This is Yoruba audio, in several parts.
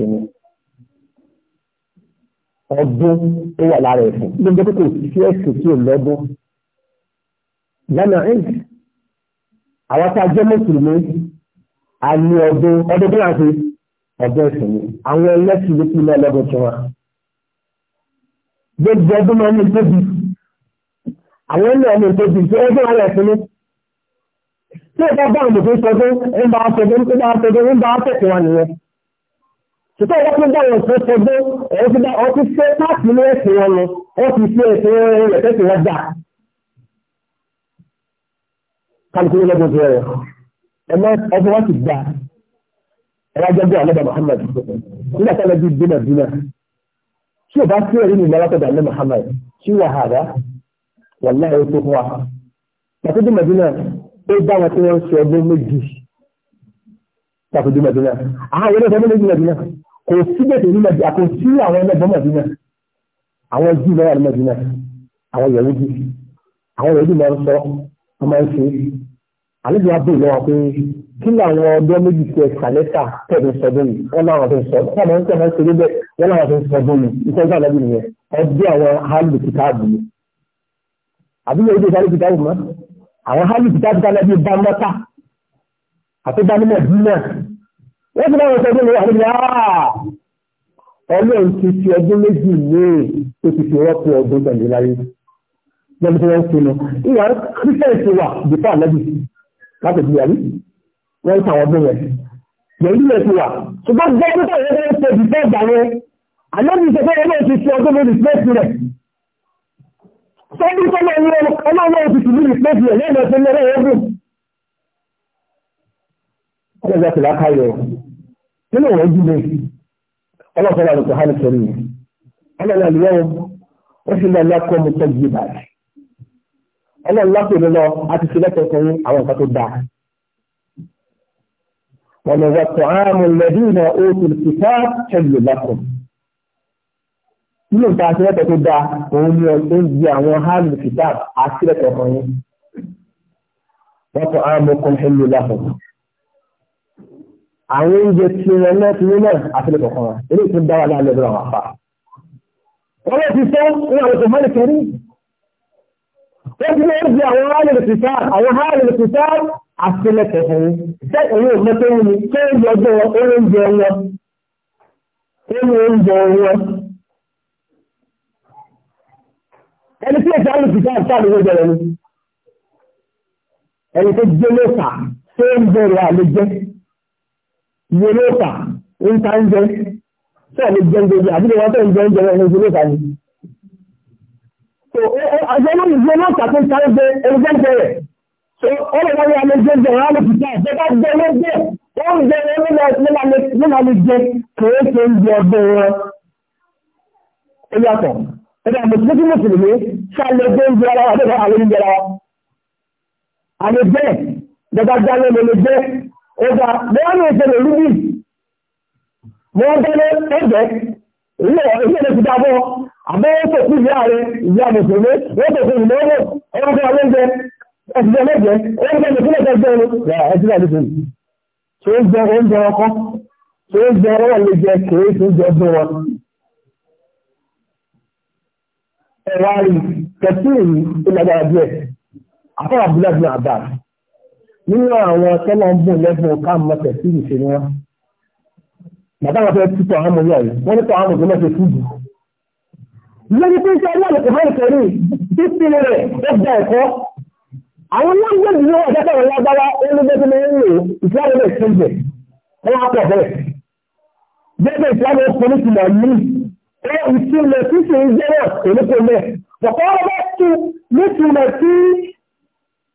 ẹ̀sìn ni ọdún tó wà lára ẹ̀sìn gbogbo tó kò sí ẹ̀sìn tí ò lọ́dún lánàá ẹ̀sìn àwọn tá a jẹ́ mùsùlùmí a ní ọdún ọdún tó náà ṣe ọdún ẹ̀sìn ni àwọn ẹlẹ́sìn ló kú lọ́dún tí wọn. gbogbo ọdún máa ń ní tóbi àwọn ẹlẹ́sìn ní tóbi tí ọdún àwọn ẹ̀sìn ni tí ó bá bá àwọn òṣèlú sọdún ń bá wọn sọdún ń bá wọn sọdún ń bá wọn tẹ̀síwá nìyẹn títọ́ wọ́n tún dáwọn ìṣẹ́ sọgbọ́n ẹ̀yẹ́ ti dá ọtí ṣe páàkì ní ẹ̀sìn wọn lọ wọ́n ti ṣe ẹ̀sìn wọn rẹ̀ tẹ́sí wọn dà. kálukú ní lọ́gbọ̀n tó rẹ̀ ẹ̀mọ́ ọdún wọn ti gbà ẹ̀rọ ajọ́gbọ́ alẹ́bà Muhammad nígbà tí alẹ́bí dínà dínà tí o bá tí ẹ̀rí mi lọ́wọ́ tọ̀dọ̀ alẹ́ Muhammad tí wà hàrá wà láì tó fún wa. pàtó dínà dínà ó bá wọn tí wọ́n ń ṣe méjì pàtó dínà dínà àwọn ẹ̀rọ kò síbẹ̀tẹ̀ ní mẹ́jì àkó sí àwọn ẹlẹ́gbọ́n mẹ́jìnà àwọn jù lọ́wọ́ ní mẹ́jìnà àwọn yẹ̀wò jù àwọn yẹ̀wò jù máa ń sọ wọ́n máa ń ṣe àlejò abẹ́ ìlọ́wọ́ pé kí làwọn ọdọ́ méjì tẹ kàlẹ́tà tẹ̀lé sọdún yìí wọ́n láwọn tó ń sọ wọ́n máa ń tẹ̀ máa ń ṣe níbẹ̀ wọ́n láwọn tó ń sọdún yìí nǹkan ìgbà lẹ́bí nìyẹn ọdún àwọn hálù kìtáàbù ni àbíyẹ̀ ìdè hálù kìtáàbù mọ́ àwọn hálù kìtáàbù tá lẹ́bí bá mọ́ta àti bá nímọ̀ dínà wọ́n ti láwọn ọ̀sẹ̀ ọdún àwọn ìyá ọlọ́run ti fi ọdún méjì ní tó ti fi rọ́pò ọdún tẹ̀lé láyé lọ́dún tí wọ́n ń sinú ìyá christian ti wà bípa àlẹ́bí láti ìdíyà rí wọ́n ń tàwọn ọdún rẹ̀ pẹ̀lú rẹ̀ ti wà ṣùgbọ́n gbọ́dọ̀ tó yẹ kó ti fẹ́ gbà rẹ̀ àlẹ́bí ti fẹ́ ọlọ́run ti fi ọdún méjì fẹ́ẹ̀sì rẹ̀ sọ́dún tó lọ́wọ́ ọlọ́run ti fi méjì fẹ́ẹ̀sì rẹ̀ lẹ́yìn ọ̀sẹ̀ lọ́wọ́ ọdún. ọlọ́run ti lákàyọ̀ nínú ìwọ̀n jílé ọlọ́pàá lọ́pàá hàn sọ ní ọlọ́pàá lọ́wọ́ ó sì lọ lọ́kọ́ mú tọ́ yìí báyìí ọlọ́pàá lọ́pàá lọ́lọ́ àti sílẹ̀kọ̀ kan ní àwọn nǹkan tó dáa wọ́n lọ wọ́n tọ́ àmú lẹ́bí na ó ti fi ká tẹ̀lé lọ́kọ̀ nínú nǹkan àtìlẹ́kọ̀ tó dáa òun ni oúnjẹ àwọn hàn kìtà àtìlẹ́kọ̀ kan ní wọ́n tọ́ àmú kan tẹ̀lé lọ́kọ̀ àwọn oúnjẹ tí wọn náà ti nílẹ̀ àtìlẹ́kọ̀ kan ilé ìtún dáwà náà lẹ́gbẹ̀rẹ̀ àwọn àpá. wọ́n lè ti sọ ní àwọn òṣèlú mọ́lì kiri wọ́n ti lóò di àwọn hálì lè ti sá àwọn hálì lè ti sá àtìlẹ́kọ̀ kan tẹ́ ìwé ìmọ́tò wọn ni tó ń yọjọ́ oúnjẹ wọn nínú oúnjẹ wọn. ẹni tí èsì hálì lè ti sá àtàlù oúnjẹ rẹ ni ẹni tó jẹ́ lóòsà tó ń bẹ̀rẹ̀ ìwé lóòpà ń ta ń jẹ sọ́ọ̀ lè jẹun gbogbo àbúrò wọn tẹ̀ ń jẹun jẹun ẹni ìwé lóòpà ni. àjọ náà ìwé lóòpà tó ń ta ń jẹ ẹni jẹun jẹ rẹ̀ ọlọ́wọ́ ni a lè jẹ jẹun á lè fi jẹ ìjọba jẹ ló jẹ wọ́n jẹ nínú alẹ́ jẹ kìí ṣe ń jẹ ọdún wọn. ó yàtọ̀ ẹ̀dá mùsùlùmí mùsùlùmí ṣàlẹ̀ jẹ́ ń jẹ ara wa àbẹ̀rẹ̀ àwọn oúnjẹ ọjà bẹ́ẹ̀ ní ìṣẹ̀lẹ̀ ìlú bí mo ń tẹ́lẹ̀ ẹ̀jẹ̀ ilé ti dábọ̀ àbẹ́wò tó rí kẹtí àbáà nínú àwọn tọ́lọ̀ ń bùn lẹ́bùn ká mọ tẹ̀sí ìṣe ni wọ́n. Bàbá wọn fẹ́ tútọ̀ àwọn ọmọ yàrá wọ́n ní tọ́ àwọn ọmọ tó fúdù. Lórí pé iṣẹ́ ilé àlùkò máa ń kẹrí títí rẹ̀ ó gba ẹ̀kọ́. Àwọn lágbẹ́ ìlú ọ̀dọ́kọ̀ wọn lágbára olóbẹ́tí ló ń lò ìsìláàmù rẹ̀ ṣe jẹ̀. Wọ́n á pọ̀ bẹ́ẹ̀. Bẹ́ẹ̀ ìsìláàmù ọkùnrin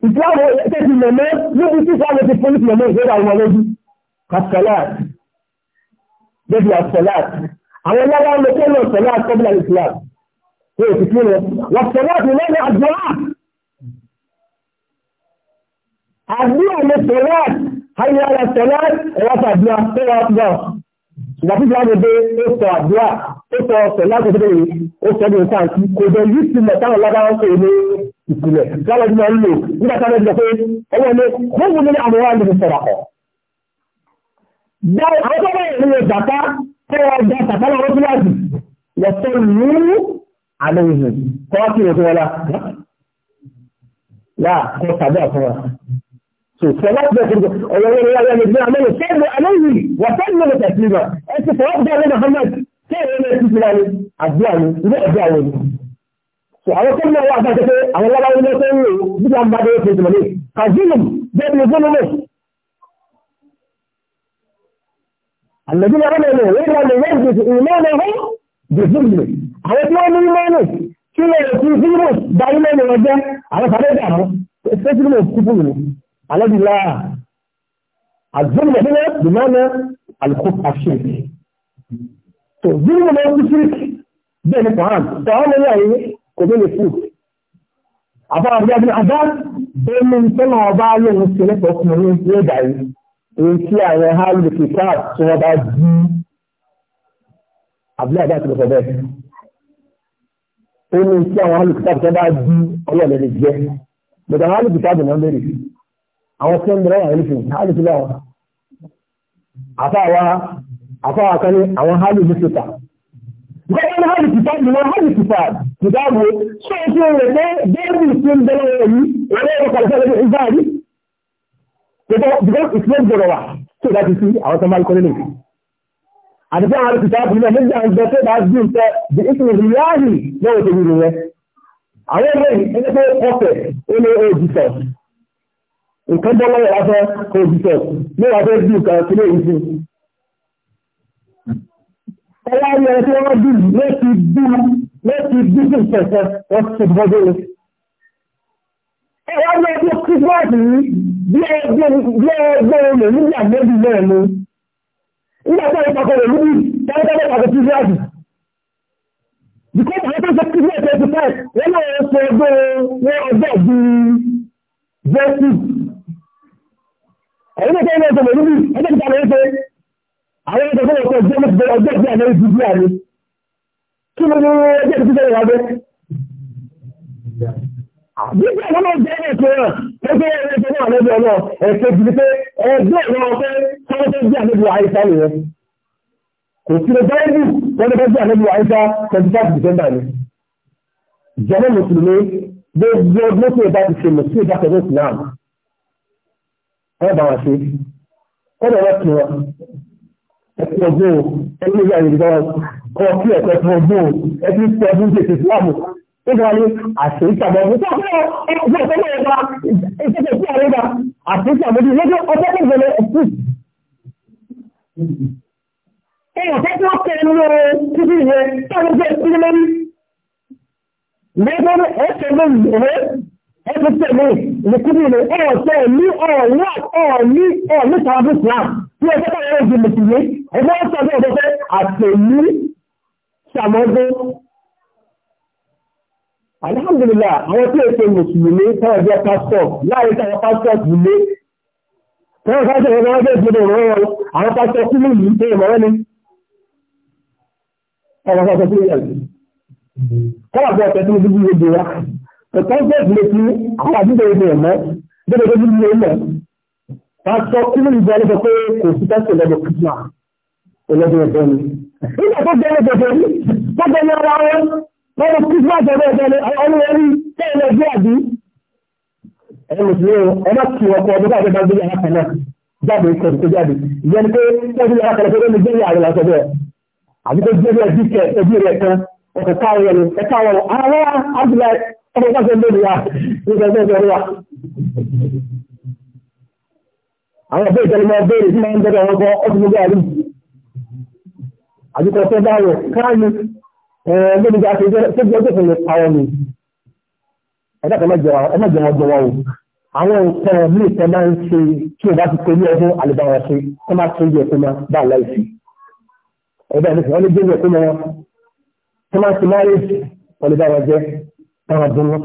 ìsìláàmù tẹ́sí mọ̀mọ́ níbi tí ìsìláàmù ti fún ìsìláàmù ìgbéra àwọn ọlọ́dún kàṣọláàtì débi àṣọláàtì àwọn ọlọ́wọ́ ń lọ tó lọ ṣọláàtì tọ́bílà ìsìláàmù tó èsì kí wọn wọ́n ṣọláàtì lọ́nà àdúrà àdúrà ní ṣọláàtì ayé ara ṣọláàtì ẹ̀rọ àdúrà tó wà gbọ́ ìgbàtí ìsìláàmù dé ó sọ àdúrà ó sọ ṣọláàtì tó dé ó sọ ìpìlẹ̀ láwọn ìgbà ń lò nígbà táwọn ìgbà pé ọwọ́ ilé kóòwò ní àwọn wà lórí sọ̀rọ̀ kọ̀. Bẹ́ẹ̀ àwọn tó bẹ̀rẹ̀ ní ìjàpá tó wọ́n gba ìjàpá lọ́wọ́ kíláàsì lọ́tọ́ ní àlẹ́ ìhìn tó wá kí o tó wọlá. Yà kó tàbí àfọ wa. So sọ láti bẹ̀rẹ̀ kúrò ọ̀rọ̀ yẹn wáyé ní bí àmọ́ ìṣẹ́gun àlẹ́ ìhìn wọ́tọ́ ní ọ̀rọ̀ tẹ̀síwá ẹ ti fọwọ́ bí àlẹ́ Muhammad tí èèyàn náà ti fi àwọn tó náà wà fẹ́ pé àwọn lábáwọ́ ilé tó ń lò bí i àmbá déwé fèsì mọ̀lẹ́ kàzínù débi ìfúnnumẹ̀ àlẹ́bí náà rẹ̀ lè wọ́n lè wọ́n gbèsè ìmọ̀ọ́nà wọn gbèsè ìlú àwọn tí wọ́n ní ìmọ̀ọ́nà tí wọ́n lè fi fílmù da ìmọ̀ọ́nà wọn jẹ́ àwọn kàdé dàmú fẹ́sìlmù kúkú ìlú alẹ́bí láà àzúmọ̀ bí wọ́n bí mọ́nà alùpùpù àṣírí tó zúmọ̀ bí wọ́n bí sírí bẹ́ẹ̀ ni kọ̀ọ̀án kọ̀ọ̀án lórí àyè kò tó lè fún àfọwọ́ àti àti àbá bẹ́ẹ̀ni tọ́nà ọba lóhun ṣe lẹ́tọ̀ọ́ fún mi ní ẹ̀dá yìí èyí tí àwọn hálù kìkà tí wọ́n bá jí àbúlé àbá àti lọ́sọ̀ bẹ́ẹ̀ ó ní tí àwọn hálù kìkà tí wọ́n bá jí ọlọ́ọ̀lẹ́ lè jẹ́ bẹ̀rẹ̀ àwọn hálù kìkà dùn náà lérè àwọn tí wọ́n bẹ̀rẹ̀ àwọn ẹlẹ́sìn hálù kìkà wọn àfáwa àfáwa kan ní àwọn hálù kìkà Gẹ́gẹ́ ní hàlì kìtà ni wọ́n hàlì kìtà kìtà wo ṣé o ti rẹ̀ pé bẹ́ẹ̀ni tí ń bẹ̀rẹ̀ rẹ̀ yìí ẹ̀rọ ẹ̀rọ kàlùfẹ́ lọ́dún ìgbà rí. Gbogbo because Islam gbọdọ̀ wà tó dájú sí àwọn tó máa ń kọ́ nínú. Àdìsẹ́ àwọn kìtà bí náà nígbà ń bẹ tó bá gbé ń tẹ di ìsìn ìrìnláàrì lọ́wọ́ tó yìí rẹ̀. Àwọn ẹgbẹ́ yìí ẹni pé ọ̀fẹ́ ó ní òjìṣẹ́. Nǹkan bọ́ lọ́wọ́ wá fẹ́ òjìṣẹ́. Ní wàá fẹ́ ọwọ́ ayé ẹni tí wọ́n bí létí bí létí bí bí ìṣẹ̀ṣẹ̀ wọ́n ti bọ́jú ni. ọwọ́ ayé ẹni Christmas yìí bí ẹgbẹ́ olè níbi àgbẹ̀bí náà ni. nígbà tí wọ́n pàkọ́ rẹ̀ níbi tẹ́lẹ̀tẹ́lẹ̀ pàkọ́ Christmas. because àwọn tó ń ṣe Christmas twenty five wọ́n náà ń ṣe ẹgbẹ́ wọn ọjọ́ bí jésù. ẹ̀yin tó ń ṣe ẹgbẹ́ olè níbi ẹgbẹ́ àwọn ẹgbẹ́ fún ọkọ̀ ìjọba ti bẹ̀rẹ̀ ọjọ́ ìgbà náà ju bí àrí kí ló ní ọjọ́ ìgbà náà wájẹ́ Bíbí àwọn náà jẹ́ ẹ̀kọ́ náà, ẹgbẹ́ ẹgbẹ́ náà lọ́bí ọ̀nà ẹ̀kọ́ jù pé ẹgbẹ́ ìwọ̀n ọ̀fẹ́ sọ́wọ́ tó jẹ́ àlejò àìsá nìyẹn. Kò sí lọ báyìí wọ́n tó jẹ́ àlejò àìsá 25 December ni. Ìjọba Mùsùlùmí gbogbo ọdún tó bá ti ṣe Mùsùlùmí bá tẹ̀lé Ìsìlámù. Ẹ bá wa ṣe, ó bẹ̀rẹ̀ kí wọn ẹ̀kú ọgbọ́n o ẹ̀kú ìgbà ìrìnà kọ́ sí ẹ̀kọ́ tí wọ́n gbọ́n o ẹ̀kú ìpẹ́ ọdún tètè ìsìlámù ó gbà ní àṣẹ ìtàbọ̀ ọdún tó àbúrò ẹgbẹ́ ìtọ́lẹ̀ ẹ̀ka ìtọ́lẹ̀ sí àríwá àṣẹ ìtàbọ̀dún lọ́jọ́ ọjọ́ tó gbẹ̀lẹ̀ ẹ̀kú. ẹ̀yàn tó tó kẹ́ nínú títí ìyẹn táwọn jẹ́ ìpínlẹ̀ lórí lẹ́gbẹ̀rún ẹ̀kẹ́ lórí ìwé ẹ̀kú tẹ̀lé ìrìkúrìnlẹ̀ ọ̀ọ̀tẹ́ ní ọ̀wọ́ ọ̀ní ọ̀ní tàbí islam tí ẹgbẹ́ tó rẹ̀ jù mùsùlùmí ẹgbẹ́ ọ̀sán ọ̀dọ́ fẹ́ àtẹ̀lú ṣàmọ́gbé alhamdulillah àwọn tí èsè mùsùlùmí tọ́wọ́ jẹ́ pásítọ̀ láàrin táwọn pásítọ̀ ìlé tọ́wọ́ pásítọ̀ ẹgbẹ́ ọjọ́ ìjọba ìrọ̀rọ̀ àwọn pásítọ̀ kúlù yìí tó ìmọ̀rẹ́ ni ọmọ pásítọ̀ kúlù yàrá kọ̀kọ́ńtẹ̀tì lè fi àwọn àdúgbò ìdè ẹ̀mọ́ bẹ́ẹ̀ tó nílé ilẹ̀ wọ́n sọ kí ló ń jẹ́ ẹlẹ́gbẹ̀ẹ́ pé kò sí tẹ́sí ọlọ́dún kìtìmá ọlọ́dún ẹ̀fẹ́ ni. nígbà tó jẹ́ ẹlẹ́gbẹ̀ẹ́ ni tó jẹ́ ẹlẹ́ra wọn lọ́dún kìtìmá jẹ́ ẹlẹ́gbẹ̀ẹ́ ni ọlọ́run ẹ̀rí tẹ́lẹ̀ ẹgbẹ́ àbí. ẹ̀rọ mùsùlùmí ọmọ kì ọkọ ọdún káàkiri bá gbé yàrá kan náà jáde ikọ̀ tó jáde ìyẹn ni pé wọ́n ti yàrá kan lọ́sọ̀rọ̀ ní gbẹ́yà rẹ̀ lọ́sọ̀ bẹ́ẹ̀ àbí tó gbé ẹbí rẹ̀ kan ọkọ̀ káwọn ẹni ẹ̀ka wọn àwọn abdullahi ọmọ ìgbà tẹ́lẹ̀ lórí wa nígbà tẹ́lẹ̀ lórí wa. àwọn ọ̀bẹ ìtẹ́lẹ̀ máa béèrè tí máa ń bẹ̀rẹ̀ ọkọ̀ ọdún gbogbo àrí àdúgbò tó bá rẹ̀ káàní lórí ìgbà tó jẹ́ tó fún àwọn mi ẹ̀dá kan o àwọn nǹkan mí ìtẹ́ máa ń ṣe o bá ti pẹ̀lú ọdún àlùbáwọ̀ ṣe tó máa tó yẹ kó máa bá láìsí ẹ̀dá ìfẹ́ wọn lè báwọn dúró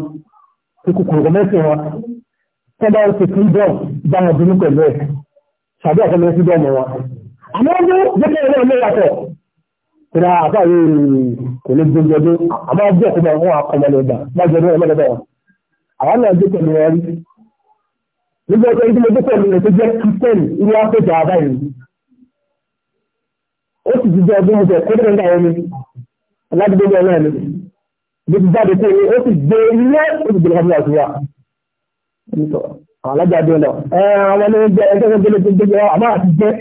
tí kòkòrò mẹ́sìn wọn tí wọ́n bá ń ṣe freedom báwọn dúró pẹ̀lú ẹ̀ ṣàbí àtọ́mọ freedom wọn. àmọ́ ọdún jẹ́kẹ́ ẹ̀rọ ilé yàtọ̀ kódà àbáyé kò lè gbé jọdún àmọ́ ọdún ẹ̀kọ́ máa wọ́n akọ mọ́lẹ̀ ọgbà má jọdún ẹ̀mọ́ lọ́dọ̀ wọn. àwọn náà dé pẹ̀lú wọn rí nígbà tó ibi lójú pẹ̀lú rẹ̀ tó jẹ́ kírísítẹ́nì ilé áfíríkà àbáyé ó sì ti jẹ́ ọdún mọ́tẹ̀ kó bó ti jáde pé o sì gbé ilé o sì gbé ọmọ ọ̀sùn wa. àwọn alájà dé lọ àwọn ẹni jẹ ẹgbẹ́ tó gbélé tó gbélé àmọ́ àti jẹ́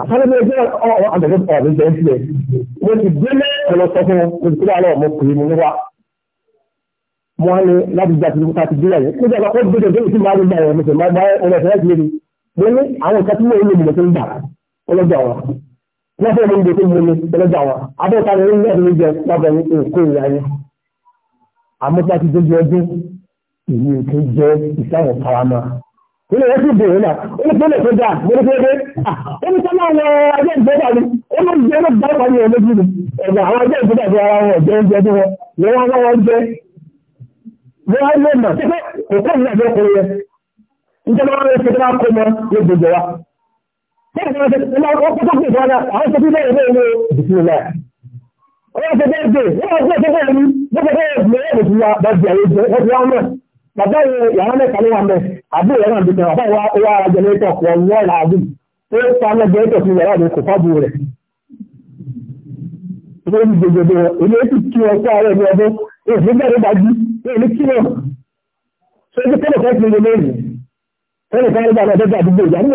àtàlẹ́ bẹ́ẹ̀ jẹ́ ọ̀rọ̀ àgbẹ̀fẹ́ ọ̀rọ̀ mi jẹ́ sílẹ̀ mo ti gbélé ọ̀rọ̀ sọ fún mo ti kúrò àlọ́ mo kùrì mo wá. mo wá ní láti gba ti ta ti gbéyàwó kó jẹ́ ọkọ̀ gbé jẹ́ sí máa ń gbà ẹ̀rọ mo sì máa gbà ẹ̀rọ ẹ̀fẹ́ láti lé mi mo ní àwọn ìka tí mo ń lò mo ti ń gbà ọlọ́jà ọ̀rọ̀ wọ́n fẹ́ lóun gbèsè mú mi tẹ́lẹ́jà wọn abẹ́ta ni wọ́n lẹ́nu jẹ lábẹ́ ní òkú ìyá yẹn àmọ́tá ti dójú ọdún èyí ò tó jẹ́ ìsáwọ̀ na ni ni ara Bàbá ìyàwó mẹ́ta ló wà mẹ́, àbí ìyàwó àbí ìyàwó àbá ìwà ara jẹnẹrétọ̀ pọ̀ wọ́n ìlà àbí, ó pa ọmọ jẹnẹrétọ̀ fún ìyàwó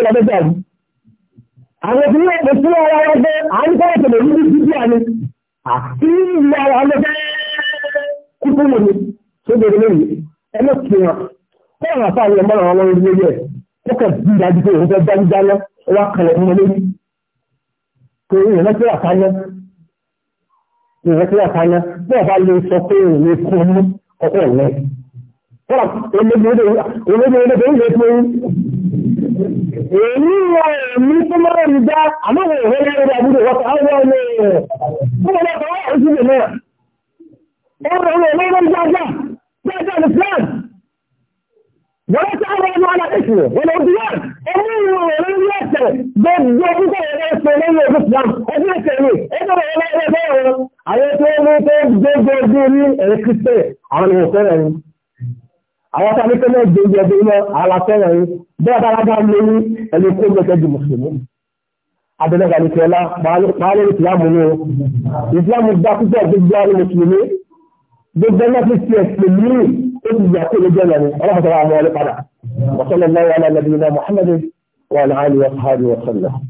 àbí àwọn tí wọ́n pè sí ọwọ́ ọgbẹ́ àríkọ́ ìṣẹ̀lẹ̀ nínú títí àní àti ìlú àwọn ọlọ́gbẹ́ kúkú mọ̀ ní tó bẹ̀rẹ̀ lórí ẹlọ́ kí wọn kọ́ àwọn afá àwọn ọmọ àwọn ọmọ orílẹ̀ yẹ ó kẹ́ bí ìdájú pé òun fẹ́ dájú dáná ó wá kalẹ̀ fún ọlọ́rí kò ìrìn lọ́sí àkáná ìrìn lọ́sí àkáná bí ọba lè sọ pé òun lè kún ọmú ọkọ̀ rẹ̀ kọ́ èyí ní tó máa ń dá àmọ́wò ìwé lẹ́rọ àbúrò wọ́pọ̀ àwọn ọmọ ẹ̀rọ fún ọlọ́pàá wà ó sílẹ̀ náà ẹ̀rọ ọmọ ẹ̀rọ jájá jájá ní flan wọ́n lọ́ta àwọn ọmọ alákẹ́sì wọ́n lọ bí wọ́n ẹ̀rọ ìwé ẹ̀rọ ní ẹ̀sẹ̀ gbogbo ọdún ẹ̀rọ ẹ̀sẹ̀ lẹ́yìn ọdún flan ọdún ẹ̀sẹ̀ rẹ̀ ẹ̀rọ ẹ̀rọ ẹ̀rọ àwọn tó ń mú tó gbogbo ọdún ní ẹ̀rọ kristian àwọn ìwọ̀n fẹ́rẹ̀ àwọn tá a ní pé náà gbé ẹgbẹ́ iná ara fẹ́ràn yín bẹ́ẹ̀ bá lágbá ń lórí ẹni kó gbẹ́kẹ́ di mùsùlùmí abẹ́lẹ́gbà ní kẹlá máa lórí ìsìlámù ní o ìsìlámù dá púpọ̀ gbogbo àwọn mùsùlùmí gbogbo ẹgbẹ́ fi ti ẹ̀sìn mí ó ti yà kó lè jẹ́ lẹ́nu ọlọ́pàá sọ àwọn ọlọ́pàá wàsálẹ̀ náà wà